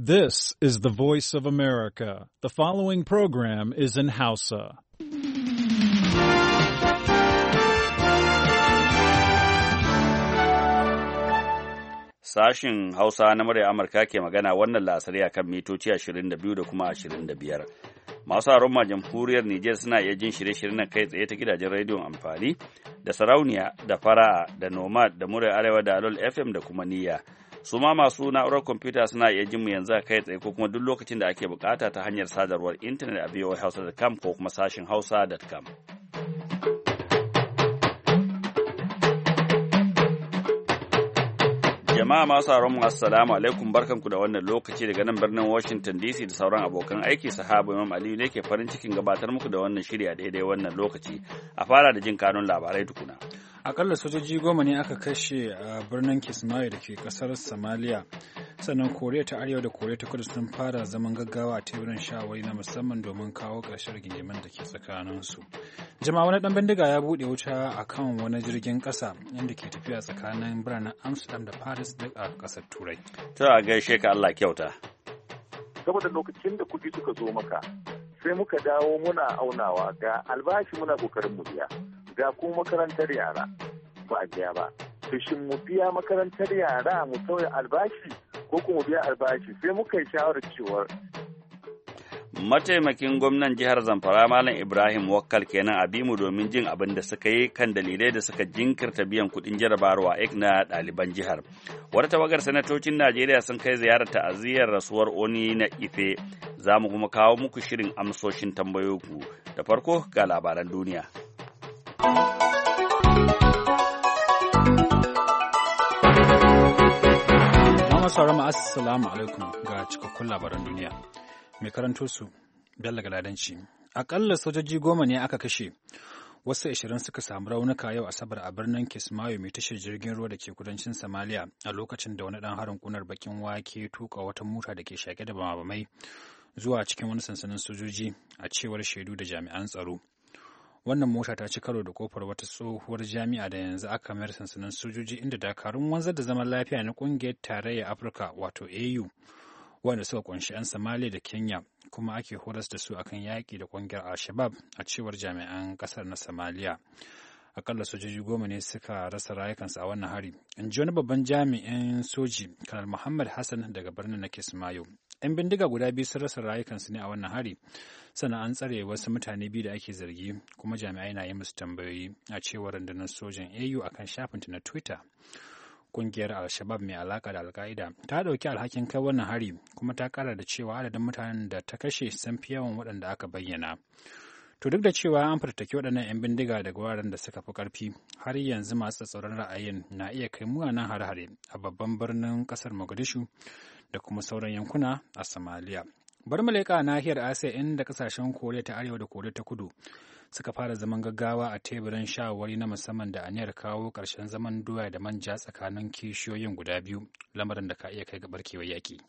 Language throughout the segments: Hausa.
This is the voice of America. The following program is in Hausa. Sashin Hausa na murya Amurka ke magana wannan lasari akan mitoci 22 da kuma 25. Masu haruma jamhuriyar Nijar suna iya jin shirye-shiryen kai tsaye ta gidajen rediyon amfani da sarauniya da fara'a da nomad da murya arewa da alol FM da kuma niyya. su ma masu na'urar kwamfuta suna iya jin mu yanzu a kai tsaye ko kuma duk lokacin da ake bukata ta hanyar sadarwar intanet a biyo voahausa.com ko kuma sashin hausa.com. jama'a masu haramu assalamu alaikum barkanku da wannan lokaci daga nan birnin washington dc da sauran abokan aiki sahabu imam aliyu ne ke farin cikin gabatar muku da wannan shirya daidai wannan lokaci a fara da jin kanun labarai tukuna akalla sojoji goma ne aka kashe a birnin kismayo da ke kasar somalia sannan koriya ta arewa da koriya ta kudu sun fara zaman gaggawa a teburin shawari na musamman domin kawo ƙarshen rigingimin da ke tsakaninsu jama'a wani dan bindiga ya buɗe wuta a kan wani jirgin ƙasa inda ke tafiya tsakanin biranen amsterdam da paris duk a ƙasar turai ta a gaishe ka allah kyauta saboda lokacin da kuɗi suka zo maka sai muka dawo muna aunawa ga albashi muna ƙoƙarin mu biya ga ko makarantar yara ba a biya ba to shin mu biya makarantar yara mu sauya albashi ko kuma biya albashi sai muka yi shawarar cewar mataimakin gwamnan jihar zamfara malam ibrahim wakkal kenan a bimu domin jin abin da suka yi kan dalilai da suka jinkirta biyan kudin jarabawa ek na ɗaliban jihar wata tawagar sanatocin najeriya sun kai ziyarar ta'aziyyar rasuwar oni na ife za mu kuma kawo muku shirin amsoshin tambayoku da farko ga labaran duniya sauran assalamu alaikum ga cikakkun labaran duniya. Mai karanto su Bello Galadanci. Akalla sojoji goma ne aka kashe, wasu ashirin suka samu raunuka yau Asabar a birnin Kismayo mai tashar jirgin ruwa da ke kudancin Somalia a lokacin da wani dan harin kunar bakin wake tuka wata mota da ke shaƙe da bamabamai zuwa cikin wani sansanin sojoji a cewar shaidu da jami'an tsaro. wannan mota ta ci karo da kofar wata tsohuwar jami'a da yanzu aka mayar sansanin sojoji inda dakarun wanzar da zaman lafiya na kungiyar tarayyar afirka wato au wanda suka kunshi 'yan somalia da kenya kuma ake horas da su akan yaƙi da kungiyar al-shabab a cewar jami'an ƙasar na somalia akalla sojoji goma ne suka rasa rayukansu a wannan hari in ji wani babban jami'in soji kanal muhammad hassan daga birnin na kismayo 'Yan bindiga guda biyu sun rasa rayukansu ne a wannan hari, sannan an tsare wasu mutane biyu da ake zargi kuma jami'ai na yi musu tambayoyi a cewar rundunar sojan AU akan shafinta na Twitter. Kungiyar Al-Shabab mai alaka da Al-Qaida ta ɗauki alhakin kai wannan hari kuma ta kara da cewa adadin mutanen da ta kashe sun fi yawan waɗanda aka bayyana. To duk da cewa an fartaki waɗannan 'yan bindiga daga wuraren da suka fi ƙarfi, har yanzu masu tsaron ra'ayin na iya kai muwanan hare-hare a babban birnin ƙasar Mogadishu da kuma sauran yankuna a Somalia. Bari mu leƙa nahiyar Asiya inda kasashen Koriya ta Arewa da Koriya ta Kudu suka fara zaman gaggawa a teburin shawari na musamman da aniyar kawo ƙarshen zaman doya da manja tsakanin kishiyoyin guda biyu lamarin da ka iya kai ga barkewar yaƙi.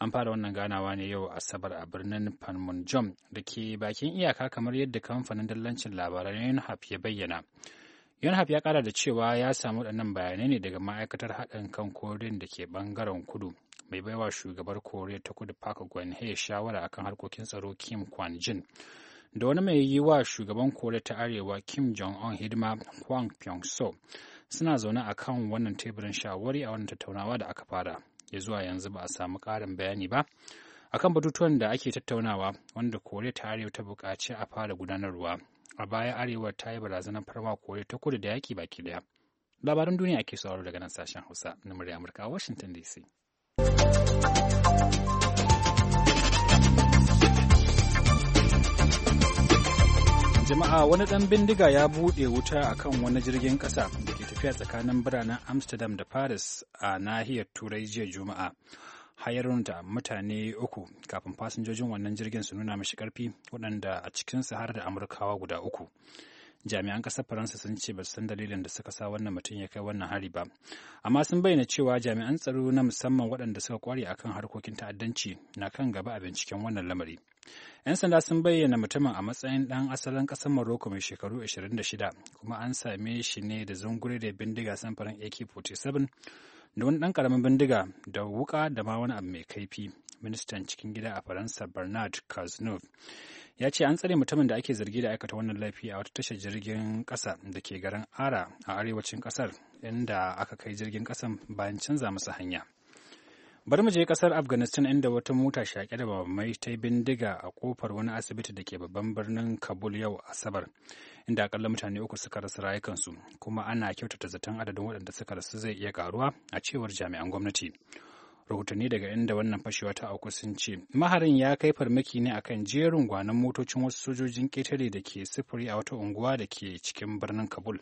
An fara wannan ganawa ne yau Asabar a birnin Panmunjom da ke bakin iyaka kamar yadda kamfanin dallancin labaran Yonhap ya bayyana. Yonhap ya kara da cewa ya samu waɗannan bayanai ne daga ma'aikatar haɗin kan koren da ke bangaren kudu mai baiwa shugabar koriya ta kudu park geun-hye shawara akan harkokin tsaro kim kwan jin da wani mai yi wa shugaban koriya ta arewa kim jong-un hidima kwang pyong-so suna zaune a kan wannan teburin shawari a wannan tattaunawa da aka fara ya zuwa yanzu ba a samu ƙarin bayani ba akan batutuwan da ake tattaunawa wanda koriya ta arewa ta buƙaci a fara gudanarwa a baya arewa ta yi barazanar farma koriya ta kudu da yaƙi baki daya labaran duniya ake sauraro daga nan sashen hausa na murya amurka a washington dc jama'a wani ɗan bindiga ya buɗe wuta a kan wani jirgin ƙasa da ke tafiya tsakanin biranen amsterdam da paris a nahiyar turai jiya juma'a hayarun da mutane uku kafin fasinjojin wannan jirgin su nuna mashi ƙarfi waɗanda a cikinsu har da amurkawa guda uku jami'an ƙasar faransa sun ce ba su san dalilin da suka sa wannan mutum ya kai wannan hari ba amma sun bayyana cewa jami'an tsaro na musamman waɗanda suka kware kan harkokin ta'addanci na kan gaba a binciken wannan lamari 'yan sanda sun bayyana mutumin a matsayin ɗan asalin ƙasar morocco mai shekaru 26 kuma an same shi ne da zungure da bindiga samfurin ak-47 da wani ɗan ƙaramin bindiga da wuka da ma wani abu mai kaifi ministan cikin gida a faransa bernard cazeneuve ya ce an tsare mutumin da ake zargi da aikata wannan laifi a wata tashar jirgin kasa da ke garin ara a arewacin kasar inda aka kai jirgin kasan bayan canza masa hanya bari mu je kasar afghanistan inda wata mota shaƙe da mai ta bindiga a kofar wani asibiti da ke babban birnin kabul yau asabar inda akalla mutane uku suka rasa rayukansu kuma ana kyautata zaton adadin waɗanda suka rasu zai iya karuwa a cewar jami'an gwamnati rahotanni daga inda wannan fashewa ta auku sun ce maharin ya kai farmaki ne akan jerin gwanon motocin wasu sojojin ƙetare da ke sufuri a wata unguwa da ke cikin birnin kabul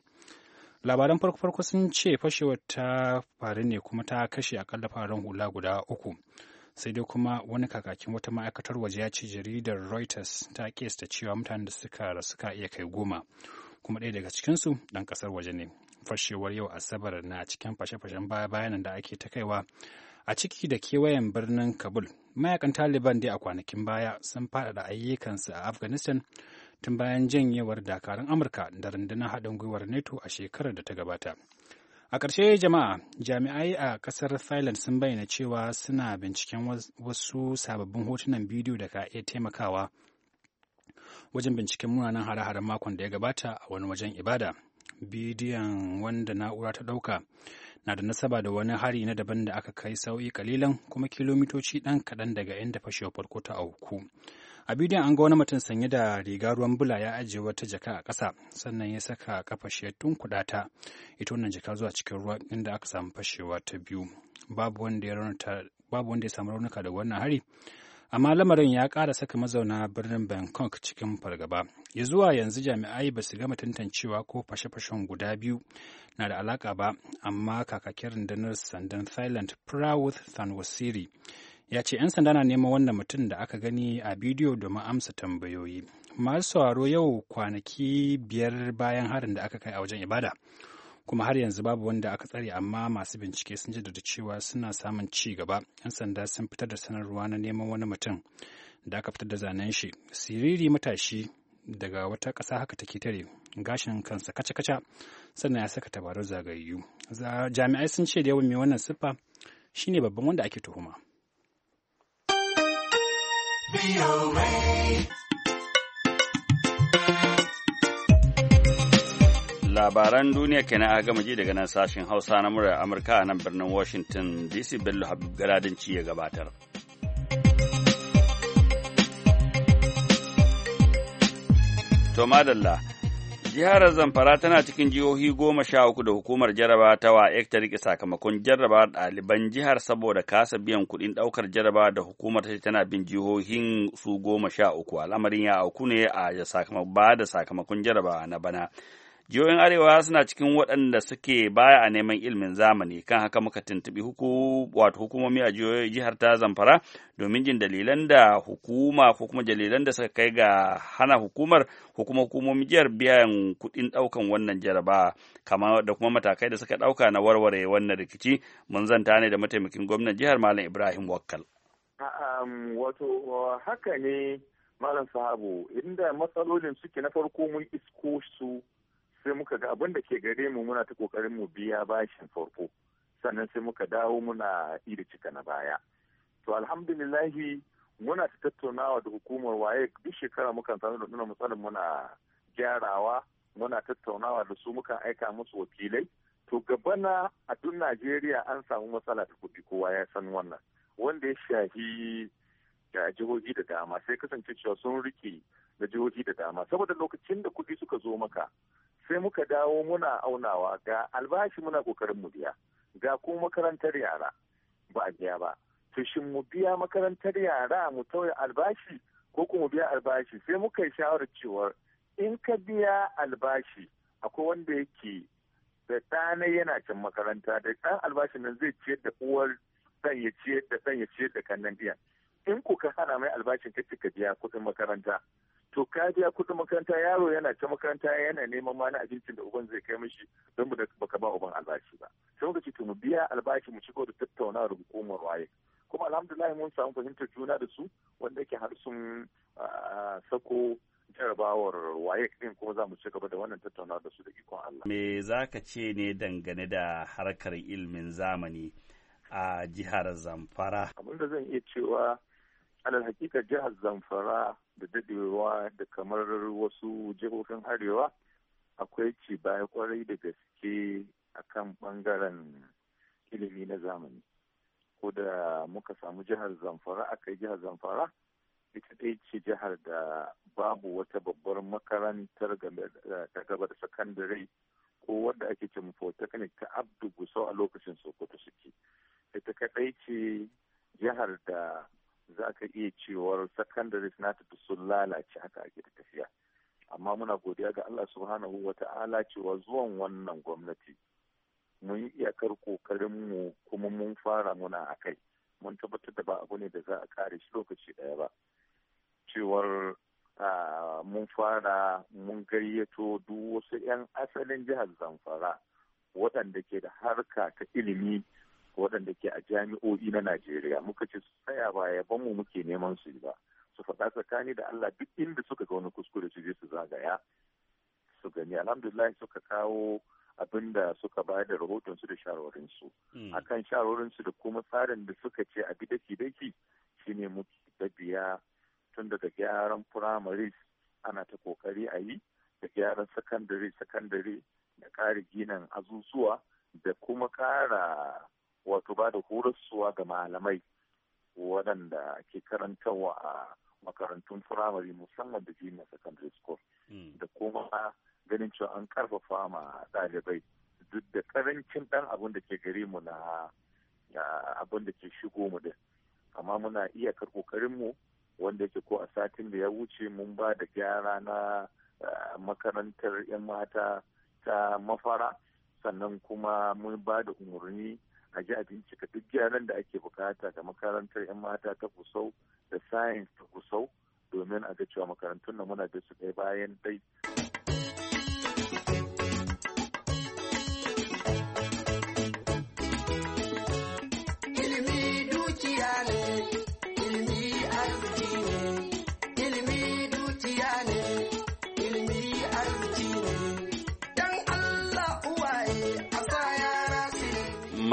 labaran farko-farko sun ce fashewar ta faru ne kuma ta kashe akalla faran hula guda uku sai dai kuma wani kakakin wata ma'aikatar waje ya ce jaridar reuters ta kesta cewa mutanen da suka rasu ka iya kai goma kuma ɗaya daga cikinsu ɗan ƙasar waje ne fashewar yau asabar na cikin fashe-fashen baya-bayanan da ake ta kaiwa a ciki da kewayen birnin kabul mayakan taliban dai a kwanakin baya sun faɗaɗa ayyukansu a afghanistan tun bayan janyewar dakarun amurka da rundunar haɗin gwiwar nato a shekarar da ta gabata a ƙarshe jama'a jami'ai a ƙasar thailand sun bayyana cewa suna binciken wasu sababbin hotunan bidiyo da ka iya taimakawa wajen binciken munanan hare-haren makon da ya gabata a wani wajen ibada bidiyon wanda na'ura ta ɗauka na da nasaba da wani hari na daban da aka kai sauyi kalilan kuma kilomitoci ɗan kaɗan daga inda fashewar farko ta auku. A bidiyon an ga wani mutum sanye da riga ruwan bula ya ajiye wata jaka a ƙasa sannan ya saka kafa tun kuɗata ita wannan jaka zuwa cikin ruwa inda aka samu fashewa ta biyu. Babu wanda ya samu raunuka da wannan hari amma lamarin ya kara saka mazauna birnin bangkok cikin fargaba ya zuwa yanzu jami'ai ba su gama tantancewa ko fashe-fashen guda biyu na da alaka ba amma kakakin rundunar sandan thailand prawuth thanwasiri ya ce 'yan sanda na neman wannan mutum da aka gani a bidiyo domin amsa tambayoyi masu sauraro yau kwanaki biyar bayan harin da aka kai a wajen ibada kuma har yanzu babu wanda aka tsare amma masu bincike sun jaddada cewa suna samun ci gaba yan sanda sun fitar da sanarwa na neman wani mutum da aka fitar da zanen shi siriri matashi daga wata ƙasa haka take tare gashin kansa kaca-kaca sannan ya saka tabarau zagayayyu jami'ai sun ce da yawan mai wannan siffa shine babban wanda ake tuhuma labaran duniya kenan a gama ji daga nan sashen hausa na murar amurka a nan birnin washington dc bello habib garadinci ya gabatar to madalla jihar zamfara tana cikin jihohi goma sha uku da hukumar jaraba ta waec ta rike sakamakon jaraba ɗaliban jihar saboda kasa biyan kuɗin ɗaukar jaraba da hukumar ta tana bin jihohin su goma sha uku al'amarin ya auku ne a sakamakon ba da sakamakon jaraba na bana Jihohin Arewa suna cikin waɗanda suke baya a neman ilimin zamani kan haka muka tuntuɓi wato hukumomi a jihar ta Zamfara domin jin dalilan da hukuma ko kuma dalilan da suka kai ga hana hukumar hukuma hukumomin jihar biyan kuɗin ɗaukan wannan jaraba kama da kuma matakai da suka ɗauka na warware wannan rikici mun zanta ne da mataimakin gwamnan jihar Malam Ibrahim Wakkal. Wato haka ne Malam Sahabu inda matsalolin suke na farko mun isko su sai muka ga abin da ke gare mu muna ta kokarin mu biya bashin farko sannan sai muka dawo muna iri cika na baya to alhamdulillahi muna ta tattaunawa da hukumar waye duk shekara mukan sanar da nuna matsalar muna gyarawa muna tattaunawa da su muka aika musu wakilai to gabana a duk najeriya an samu matsala ta kuɗi kowa ya san wannan wanda ya shafi da jihohi da dama sai kasance cewa sun rike da jihohi da dama saboda lokacin da kuɗi suka zo maka sai muka dawo muna aunawa ga albashi muna kokarin mu biya ga kuma makarantar yara ba a biya ba to shin mu biya makarantar yara mu tauye albashi ko kuma biya albashi sai muka yi shawarar cewa in ka biya albashi akwai wanda yake da ɗana yana can makaranta da ɗan albashin nan zai ciyar da uwar ɗan ya ciyar da ɗan ya ciyar da kannan biyan in ku ka hana mai albashin ka cika biya kuɗin makaranta to ka biya kuɗin makaranta yaro yana ta makaranta yana neman ma na abincin da uban zai kai mishi don ba baka ba uban albashi ba sai muka ce mu biya albashi mu shigo da tattaunawar hukumar waye kuma alhamdulillah mun samu fahimtar juna da su wanda yake har sun sako jarabawar waye din kuma za mu ci gaba da wannan tattaunawa da su da ikon Allah. Me za ka ce ne dangane da harkar ilimin zamani a jihar Zamfara? abinda zan iya cewa alal hakika jihar zamfara da dadewa da kamar wasu jihohin arewa akwai ci baya kwarai da gaske a kan bangaren ilimi na zamani ko da muka samu jihar zamfara aka yi jihar zamfara ita ɗaya ce jihar da babu wata babbar makarantar ta gaba da sakandare ko wadda ake ce polytechnic ta abdu gusau a lokacin sokoto suke ita kaɗai ce jihar da za ka iya cewar secondary nata duk sun lalace haka a da tafiya amma muna godiya ga Allah subhanahu wa ta'ala cewa zuwan wannan gwamnati mun yi iyakar mu kuma mun fara muna a kai mun tabbatar da ba abu ne da za a kare shi lokaci ɗaya ba cewar mun fara mun gayyato duk wasu 'yan asalin jihar zamfara waɗanda ke da harka ta ilimi waɗanda ke a jami'o'i na Najeriya muka ce su tsaya ba ban mu muke neman su ba su faɗa tsakani da Allah duk inda suka ga wani kuskure su je su zagaya su gani alhamdulillah suka kawo abin da suka bayar da rahoton su da shawarwarin su hmm. akan shawarwarin su da kuma tsarin da suka ce a bi daki daki shine muke tun daga gyaran primary ana ta kokari a yi da gyaran secondary sakandare da ƙara ginin azuzuwa da kuma ƙara wato ba da horaswa ga malamai waɗanda ke karantarwa a makarantun firamare musamman da junior secondary school hmm. da kuma ganin cewa an karfafa ma ɗalibai duk da karancin ɗan abin da ke gare mu na abin da ke shigo mu din amma muna iya iyakar mu wanda yake ko a satin da ya wuce mun ba da gyara na eh, makarantar 'yan mata ta mafara sannan kuma mun ba da umarni a ji abinci bincika duk gyaran da ake bukata ga makarantar 'yan mata ta kusau da science ta kusau domin a ga cewa makarantun nan muna da su ɗaya bayan dai.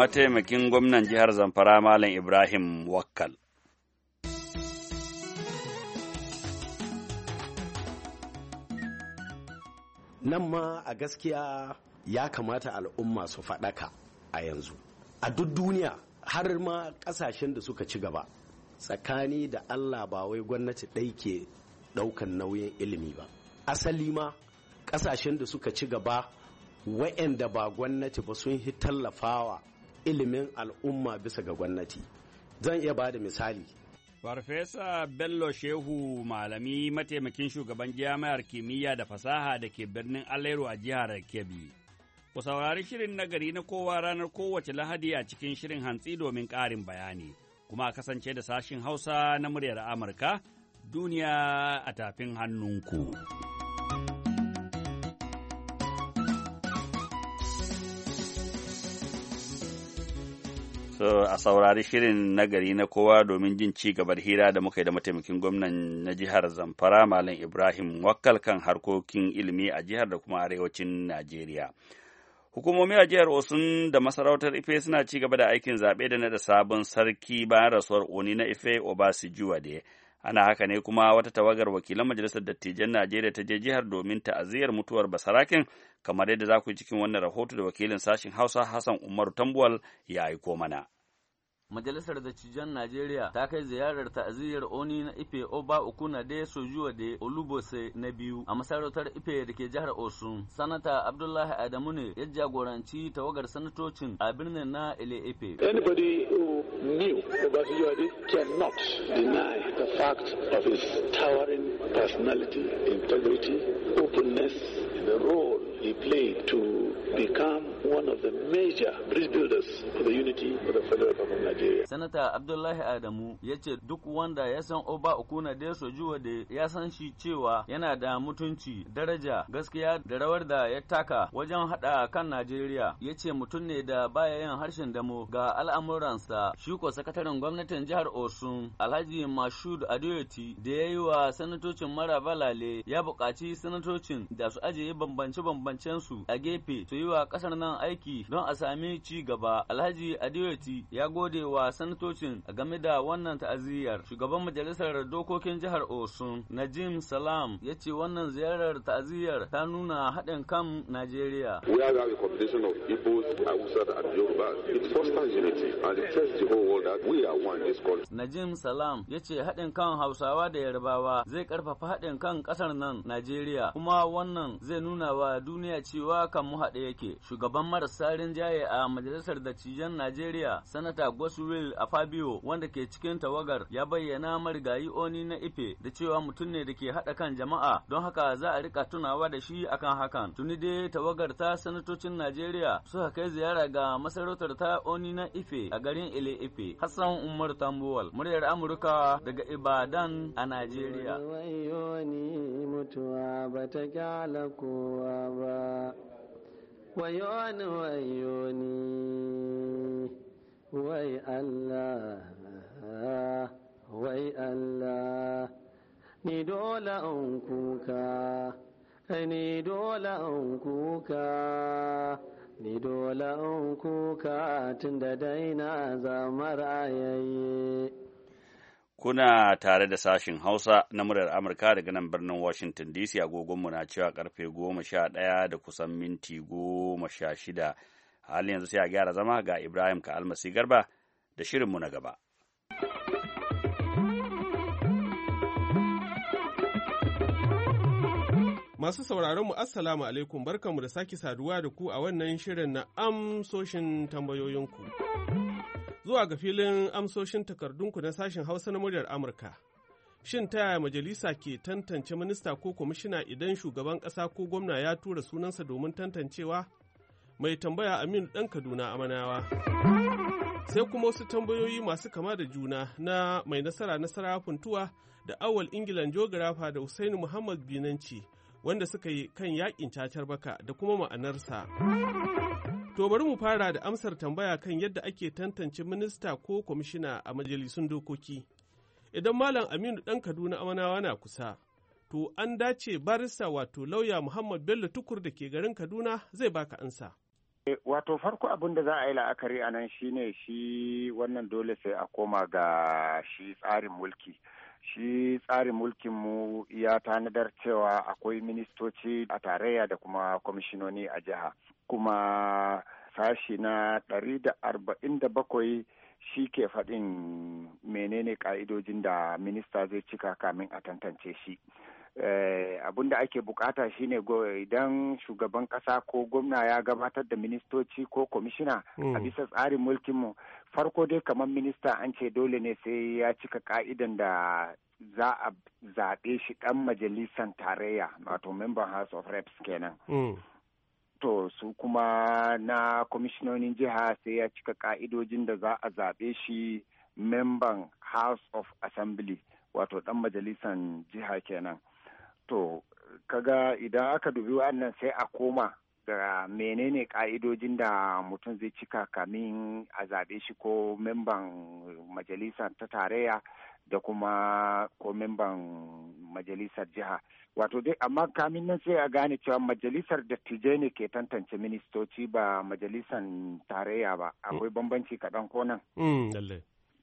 mataimakin gwamnan jihar Zamfara Malam Ibrahim Wakkal. Nan ma a gaskiya ya kamata al'umma su faɗaka a yanzu. A duk duniya har ma ƙasashen da suka ci gaba tsakani da Allah ba wai gwamnati ɗai ke ɗaukan nauyin ilimi ba. Asali ma ƙasashen da suka ci gaba waɗanda ba gwamnati ba sun hi tallafawa ilimin al'umma bisa ga gwamnati zan iya ba da misali Farfesa Bello Shehu Malami mataimakin shugaban jami'ar kimiyya da fasaha da ke birnin Alero a jihar Kebbi. Ku saurari shirin nagari na kowa ranar kowace Lahadi a cikin shirin hantsi domin ƙarin bayani, kuma kasance da sashin Hausa na muryar Amurka duniya a tafin hannunku. a saurari shirin nagari na kowa domin jin ci gabar hira da muka yi da mataimakin gwamnan na jihar Zamfara Malam Ibrahim Wakkal kan harkokin ilimi a jihar da kuma arewacin Najeriya. Hukumomi a jihar Osun da masarautar Ife suna ci gaba da aikin zaɓe da na da sabon sarki bayan rasuwar Oni na Ife Obasijuwa da ana haka ne kuma wata tawagar wakilan majalisar dattijan najeriya ta je jihar domin ta'aziyar mutuwar basarakin kamar yadda za ku yi cikin wannan rahoto da wakilin sashen hausa hassan umaru tambuwal ya aiko mana Majalisar Dattijan Najeriya ta kai ziyarar ta'aziyyar Oni na Ife Oba na de Sojuwa de Olubose na biyu a masarautar Ife da ke jihar Osun. Sanata Abdullahi Adamu ne ya jagoranci tawagar sanatocin a birnin na Ile Ife. of personality, openness, the role he played to become one of the major bridge builders for the unity of the federal government of Nigeria. Sanata Abdullahi Adamu ya ce duk wanda ya san Oba Okuna da Sojuwa da ya san shi cewa yana da mutunci, daraja, gaskiya da rawar da ya taka wajen hada kan Najeriya. Ya ce mutum ne da baya yin harshen damo ga al'amuransa. Shi ko sakataren gwamnatin jihar Osun Alhaji Mashud Adoyoti da ya yi wa sanatocin mara balale ya buƙaci sanatocin da su ajiye bambance bambancen su a gefe su yi wa ƙasar nan wannan aiki don a sami ci gaba. Alhaji Adiwati ya gode wa sanatocin game da wannan ta'aziyyar. Shugaban majalisar dokokin jihar Osun, Najim Salam, ya ce wannan ziyarar ta'aziyyar ta nuna haɗin kan Najeriya. We are a combination of Igbos, Hausa and Yoruba. It fosters unity and it tells the whole world that we are one this country. Najim Salam ya ce haɗin kan Hausawa da Yarbawa zai ƙarfafa haɗin kan ƙasar nan Najeriya kuma wannan zai nuna wa duniya cewa kan mu haɗe yake. Shugaban shugaban marasa rinjaye a majalisar dattijan Najeriya, Sanata Goswill Fabio, wanda ke cikin tawagar ya bayyana marigayi Oni na Ife da cewa mutum ne da ke haɗa kan jama'a, don haka za a rika tunawa da shi akan hakan. Tuni dai tawagar ta sanatocin Najeriya suka kai ziyara ga masarautar ta Oni na Ife a garin Ile Ife. Hassan Umar Tambuwal, muryar Amurka daga Ibadan a Najeriya. mutuwa ba ta kyala kowa ba. wayoni wayoni wai Allah wai Allah ni dole in kuka ni dole in kuka ni dole in kuka tun da daina zamar ayaye Kuna tare da sashin Hausa na muryar Amurka daga nan birnin Washington DC agogonmu na cewa karfe goma sha ɗaya da kusan minti goma sha shida. Halin yanzu sai a gyara zama ga Ibrahim ka almasi garba da shirin mu na gaba. Masu sauraron mu Assalamu alaikum barkanmu da sake saduwa da ku a wannan shirin na amsoshin tambayoyinku. zuwa ga filin amsoshin takardunku na sashen Hausa na muryar Amurka. Shin ta yaya majalisa ke tantance minista ko kwamishina idan shugaban ƙasa ko gwamna ya tura sunansa domin tantancewa? Mai tambaya Aminu ɗan Kaduna Amanawa. Sai kuma wasu tambayoyi masu kama da juna na mai nasara nasara funtuwa da awal Ingilan jogirafa da Usaini Muhammad Binanci wanda suka yi kan yakin cacar baka da kuma ma'anarsa. To bari mu fara da amsar tambaya kan yadda ake tantance minista ko kwamishina a majalisun dokoki. Idan Malam Aminu ɗan Kaduna Amanawa na kusa, to an dace barista wato lauya Muhammad Bello Tukur da ke garin Kaduna zai baka ansa. Eh, wato farko abin da za a yi la'akari a nan shi ne shi wannan dole sai a koma ga shi tsarin mulki. Shi tsarin mu ya tanadar cewa akwai ministoci a tarayya da kuma kwamishinoni a jiha. kuma sashi na ɗari da arba'in da bakwai shi ke faɗin menene ƙa'idojin da minista zai cika kamin a tantance shi eh, abin da ake bukata shine idan shugaban ƙasa ko gwamna ya gabatar da ministoci ko kwamishina a mm. bisa tsarin mulkinmu farko dai kamar minista an ce dole ne sai ya cika ka'idan da za a zaɓe shi ɗan majalisan tarayya wato member house of reps kenan. Mm. to su kuma na kwamishinonin jiha sai ya cika ka'idojin da za a zaɓe shi memban house of assembly wato ɗan majalisan jiha kenan to kaga idan aka dubi wannan sai a koma ga menene ka'idojin da mutum zai cika kamin a zaɓe shi ko memban majalisar ta tarayya da kuma ko memban majalisar jiha wato dai amma kamin nan sai a gane cewa majalisar dattijai ne ke tantance ministoci ba majalisar tarayya ba mm. akwai bambanci kaɗan ko nan mm,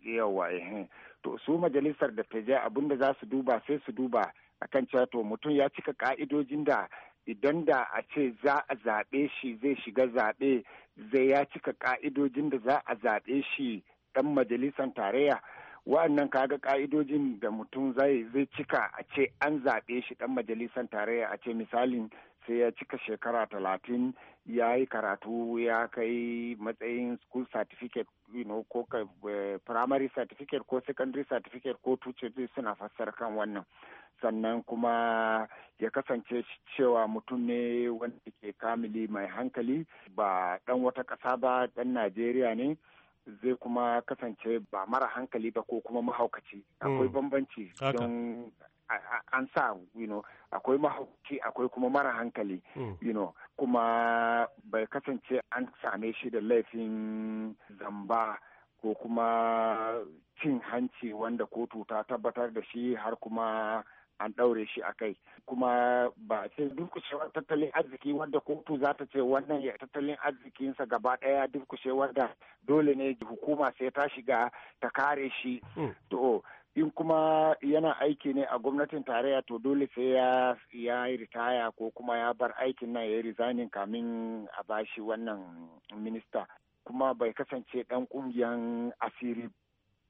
yawa eh. to su majalisar dattijai abinda za su duba sai su duba akan cewa to mutum ya cika ka'idojin da idan da a ce za a zaɓe shi zai shiga zaɓe zai ya cika ka'idojin da za a zaɓe shi ɗan majalisar tarayya wa'annan kaga ka'idojin da mutum zai zai cika a ce an zaɓe shi ɗan majalisar tarayya a ce misalin sai ya cika shekara talatin ya yi karatu ya kai matsayin school certificate you know, ko eh, primary certificate ko secondary certificate ko tuce suna fassar kan wannan sannan kuma ya kasance cewa mutum ne wanda ke kamili mai hankali ba ɗan wata ƙasa ba ɗan najeriya ne zai kuma kasance ba mara hankali ba ko kuma mahaukaci hmm. akwai bambanci don an sa you know akwai mahaukaci akwai kuma mara hankali hmm. you kuma bai kasance an same shi da laifin zamba ko kuma cin hanci wanda kotu ta tabbatar da shi har kuma an ɗaure shi a kai kuma ba sai durkushewar tattalin arziki wanda kotu za ta ce wannan ya tattalin arzikinsa gaba ɗaya durkushewar da dole ne hukuma sai ta shiga ta kare shi hmm. to in kuma yana aiki ne a gwamnatin tarayya to dole sai ya ya ritaya ko kuma ya bar aikin nan ya yi rizanin kamin a bashi wannan minista kuma bai kasance ɗan ƙungiyar asiri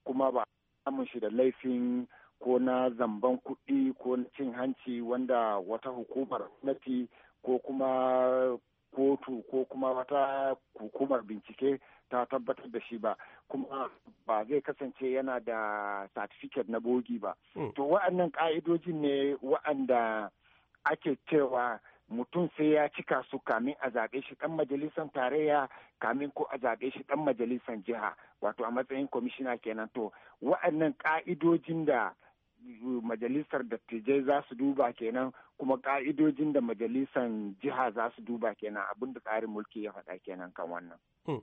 kuma ba samun shi da laifin ko na zamban kuɗi ko na cin hanci wanda wata hukumar gwamnati ko kuma kotu ko kuma wata hukumar bincike ta tabbatar da shi ba kuma ba zai kasance yana da satifiket na bogi ba hmm. to wa'annan ka'idojin ne wa'anda ake cewa mutum sai ya cika su kamin a zaɓe shi ɗan majalisar tarayya kamin ko a zaɓe shi ɗan majalisar jiha wato a matsayin kwamishina kenan to wa'annan ka'idojin da majalisar dattijai za su duba kenan kuma ka'idojin da majalisar jiha za su duba kenan abin da tsarin mulki ya faɗa kenan kan wannan. Hmm.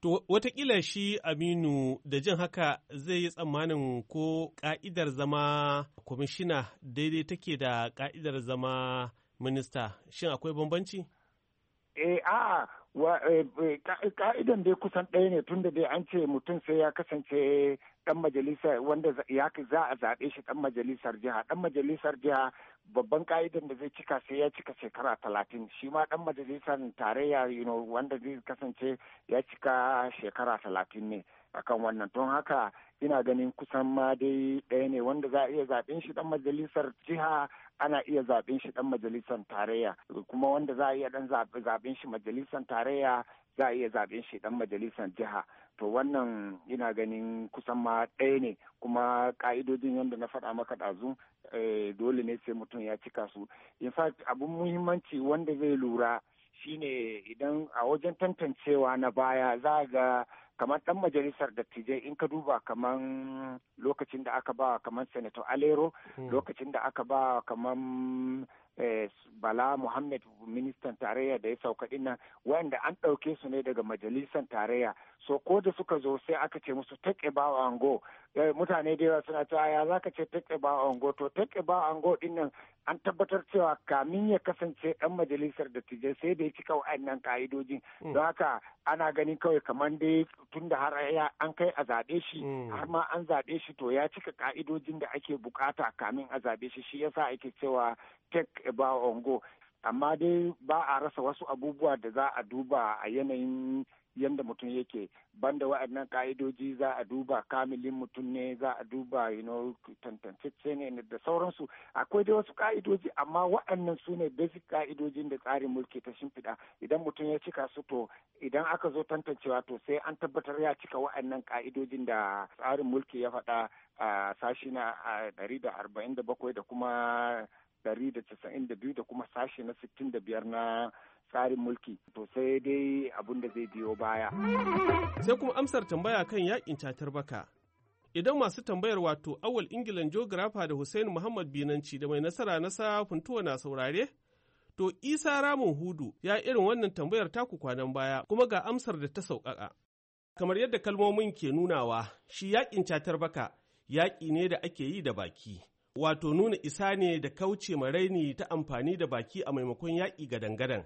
To watakila shi Aminu da jin haka zai yi tsammanin ko ka'idar zama kwamishina daidai take da ka'idar zama minista shin akwai bambanci? Eh a eh, eh, ka'idan dai kusan ɗaya ne tunda dai an ce mutum sai ya kasance dan majalisa wanda ya za a zaɓe shi dan majalisar jiha dan majalisar jiha babban ka'idan da zai cika sai ya cika shekara talatin shi ma dan majalisar tarayya wanda zai kasance ya cika shekara talatin ne akan wannan don haka ina ganin kusan ma dai ɗaya ne wanda za a iya zaɓen shi ɗan majalisar jiha ana iya zaɓen shi ɗan majalisar tarayya kuma wanda za a iya ɗan zaɓen shi majalisar tarayya za a iya zaɓen shi ɗan majalisar jiha to wannan ina ganin kusan ma ɗaya ne kuma ƙa'idojin yadda na faɗa maka ɗazu eh, dole ne sai mutum ya cika su in fact abin muhimmanci wanda zai lura shine idan a wajen tantancewa na baya za ga kamar dan majalisar dattijai in ka duba kamar lokacin da aka ba kamar senator alero hmm. lokacin da aka ba kamar bala muhammad ministan tarayya da ya sauka dinnan wanda an ɗauke su ne daga majalisan tarayya so ko da suka zo sai aka ce musu take ba ango eh, mutane da yawa suna cewa ya zaka ce take ba ango to take ba ango dinnan an tabbatar cewa kamin ya kasance dan majalisar da tije sai da ya cika wa'annan ka'idojin mm. don haka ana gani kawai kamar dai tun da har an kai a zaɓe shi mm. har ma an zaɓe shi to ya cika ka'idojin da ake bukata kamin a zaɓe shi shi yasa ake cewa take da ba ongo amma dai ba a rasa wasu abubuwa da za a duba a yanayin yanda mutum yake banda wa'annan ka'idoji za a duba kamilin mutum ne za a duba you tantance ne da sauransu akwai dai wasu ka'idoji amma wa'annan su ne basic ka'idojin da tsarin mulki ta shimfiɗa idan mutum ya cika su to idan aka zo tantancewa to sai an tabbatar ya cika wa'annan ka'idojin da tsarin mulki ya faɗa a sashi na 147 da arba'in da kuma ɗari da casa'in da biyu da kuma sashe na sittin da biyar na tsarin mulki to sai dai abin da zai biyo baya. Sai kuma amsar tambaya kan yakin catar baka. Idan masu tambayar wato awal Ingilan geographer da Hussein Muhammad Binanci da mai nasara na safuntuwa na saurare? To Isa Ramun Hudu ya irin wannan tambayar taku kwanan baya kuma ga amsar da ta sauƙaƙa. Kamar yadda kalmomin ke nunawa, shi yaƙin catar baka yaƙi ne da ake yi da baki. wato nuna isa ne da kauce ma raini ta amfani da baki a maimakon yaƙi gadan-gadan.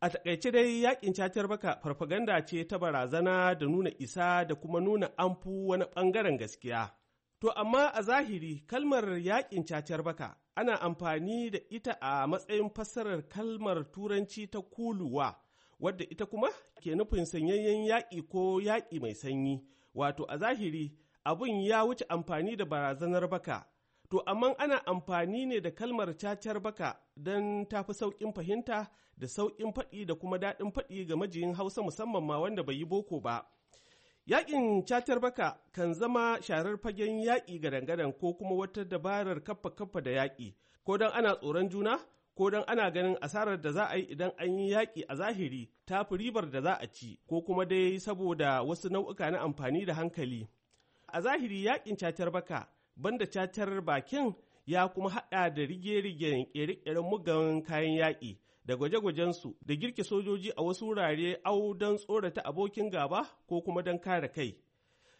A takaice dai yaƙin cacar baka farfaganda ce ta barazana da nuna isa da kuma nuna amfu wani ɓangaren gaskiya. To amma a zahiri kalmar yaƙin cacar baka ana amfani da ita a matsayin fassarar kalmar turanci ta kuluwa wadda ita kuma ke nufin sanyayyen yaƙi ko yaƙi mai sanyi wato a zahiri abun ya wuce amfani da barazanar baka To, amma ana amfani ne da kalmar cacar baka don tafi sauƙin fahimta da sauƙin faɗi da kuma daɗin faɗi ga majiyin Hausa musamman ma wanda bai yi boko ba. Yaƙin cacar baka kan zama sharar fagen yaƙi ga dangadan ko kuma wata dabarar kaffa kaffa da yaƙi, ko don ana tsoron juna, ko don ana ganin asarar da za a yi idan an yi yaƙi a zahiri ta fi ribar da za a ci, ko kuma dai saboda wasu nau'uka na amfani da hankali. A zahiri yaƙin cacar baka banda cacar bakin ya kuma haɗa da rige rige ƙere-ƙeren mugan kayan yaƙi da gwaje-gwajensu da girke sojoji a wasu wurare au don tsorata abokin gaba ko kuma don kare kai.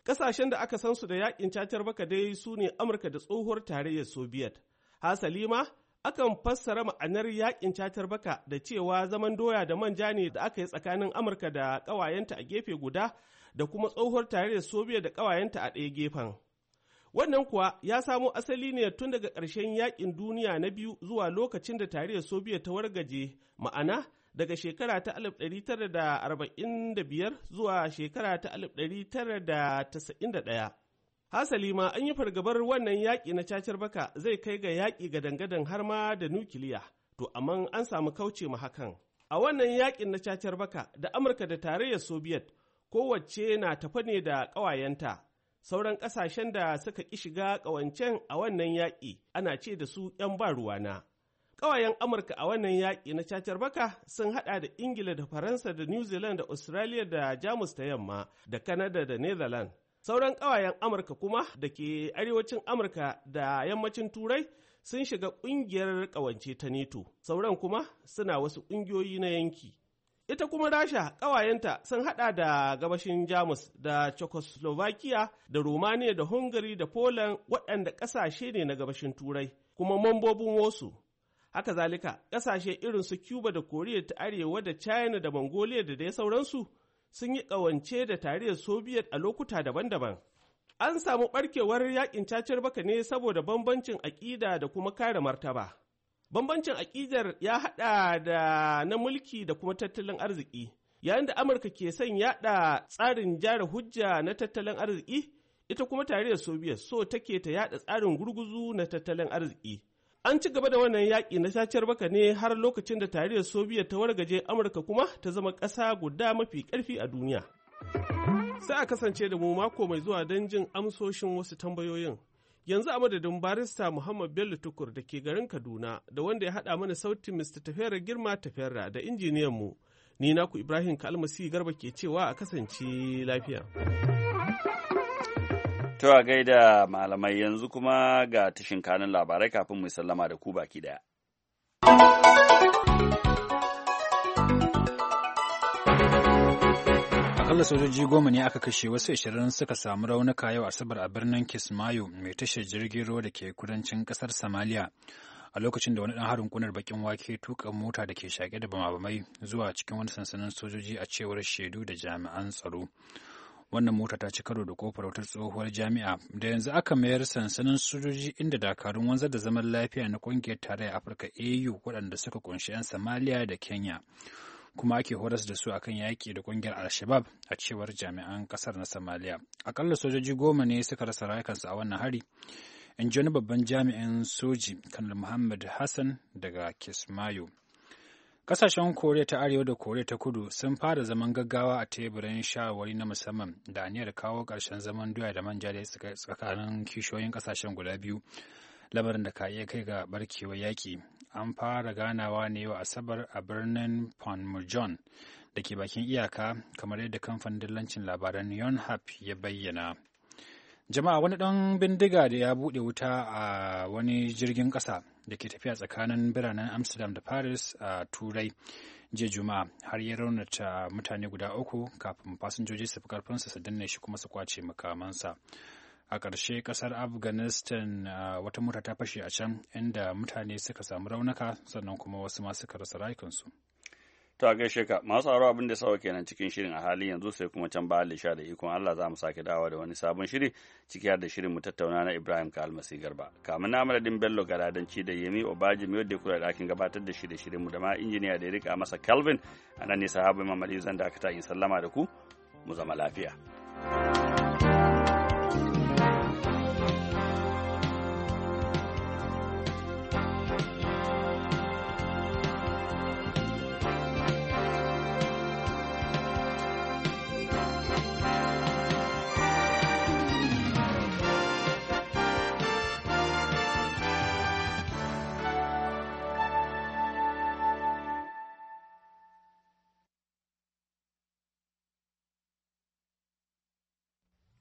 Ƙasashen da aka san su da yaƙin cacar baka dai su ne Amurka da tsohuwar tarayyar Soviet. Hasali ma, akan fassara ma'anar yaƙin cacar baka da cewa zaman doya da manja ne da aka yi tsakanin Amurka da ƙawayenta a gefe guda da kuma tsohuwar tarayyar Soviet da ƙawayenta a ɗaya gefen. Wannan kuwa ya samo asali ne tun daga ƙarshen Yaƙin duniya na biyu zuwa lokacin da tarihin Soviet ta wargaje, ma'ana daga shekara ta 1945 zuwa shekara ta 1991. Hasali ma an yi fargabar wannan yaƙi na cacar baka zai kai ga yaƙi ga dangadan har ma da nukiliya, to amma an samu kauce ma hakan. A wannan yaƙin na cacar baka da Amurka da tarayyar Soviet kowace na tafa ne da ƙawayenta sauran ƙasashen da suka ƙi shiga ƙawancen a wannan yaƙi ana ce da su 'yan ba ruwana. Ƙawayen Amurka a wannan yaƙi na cacar baka sun haɗa da Ingila da Faransa da New Zealand da Australia da Jamus ta yamma da Canada da Netherlands. Sauran ƙawayen Amurka kuma da ke arewacin Amurka da yammacin Turai sun shiga ƙungiyar ƙawance ta NETO, Sauran kuma suna wasu ƙungiyoyi na yanki. Ita kuma Rasha ƙawayenta sun haɗa da gabashin Jamus da Czechoslovakia da Romania da Hungary da Poland waɗanda ƙasashe ne na gabashin Turai kuma mambobin wasu. Haka zalika ƙasashe irin su Cuba da Koriya ta Arewa da China da Mongolia da dai sauransu sun yi ƙawance da tarayyar Soviet a lokuta daban-daban. An samu ɓarkewar yakin cacar baka ne saboda bambancin aƙida da kuma kare martaba. Bambancin aƙidar ya haɗa da na mulki da kuma tattalin arziki. Yayin da Amurka ke son yaɗa tsarin jara hujja na tattalin arziki, ita kuma Tare da Soviet so take ta yaɗa tsarin gurguzu na tattalin arziki. An ci gaba da wannan yaƙi na sacar baka ne har lokacin da tarayyar Soviet ta wargaje Amurka kuma ta zama ƙasa guda mafi ƙarfi a duniya. Sai a kasance da mu mako mai zuwa don jin amsoshin wasu tambayoyin. Yanzu a madadin barista Muhammad Bello Tukur da ke garin Kaduna da wanda ya haɗa mana sautin Mr. Tafera Girma Tafera da injiniyanmu, ni naku Ibrahim Kalmasi Garba ke cewa a kasance lafiya. To a gaida malamai yanzu kuma ga tashin kanun labarai kafin mu sallama da ku baki daya. akalla sojoji goma ne aka kashe wasu ashirin suka samu raunuka yau asabar a birnin kismayo mai tashar jirgin ruwa da ke kudancin kasar somalia a lokacin da wani dan harin kunar bakin wake tuka mota da ke shaƙe da bamabamai zuwa cikin wani sansanin sojoji a cewar shaidu da jami'an tsaro wannan mota ta ci karo da kofar wata tsohuwar jami'a da yanzu aka mayar sansanin sojoji inda dakarun wanzar da zaman lafiya na kungiyar tarayyar afirka au waɗanda suka kunshi 'yan samaliya da kenya kuma ake horas da su akan yaƙi da ƙungiyar al a cewar jami'an ƙasar na Somalia. Akalla sojoji goma ne suka rasa rayukansu a wannan hari. In ji babban jami'in soji Kanal Muhammad Hassan daga Kismayo. Ƙasashen Koriya ta Arewa da Koriya ta Kudu sun fara zaman gaggawa a teburin shawarwari na musamman da aniyar kawo ƙarshen zaman doya da manja da tsakanin kishiyoyin ƙasashen guda biyu lamarin da ka iya kai ga barkewar yaƙi an fara ganawa ne yau asabar a birnin panmunjom da ke bakin iyaka kamar yadda kamfanin dillancin labaran yonhap ya bayyana jama'a wani ɗan bindiga da ya buɗe wuta a wani jirgin ƙasa da ke tafiya tsakanin biranen amsterdam da paris a turai jiya juma'a har ya raunata mutane guda uku kafin fasinjoji su fi karfinsa su danne shi kuma su kwace makamansa a ƙarshe ƙasar afghanistan wata mota ta fashe a can inda mutane suka samu raunuka sannan kuma wasu ma suka rasa rayukansu ta gaishe ka masu haro abin da sawa kenan cikin shirin a halin yanzu sai kuma can bayan lisha da ikon Allah za mu sake dawa da wani sabon shiri ciki har da shirin mu tattauna na Ibrahim ka almasi garba kamin na madadin Bello ladanci da Yemi Obaji mai wadda kula da ɗakin gabatar da shirye shirin mu da ma injiniya da ya rika masa Calvin anan ne sahabu Imam Ali zan da aka ta sallama da ku mu zama lafiya. thank you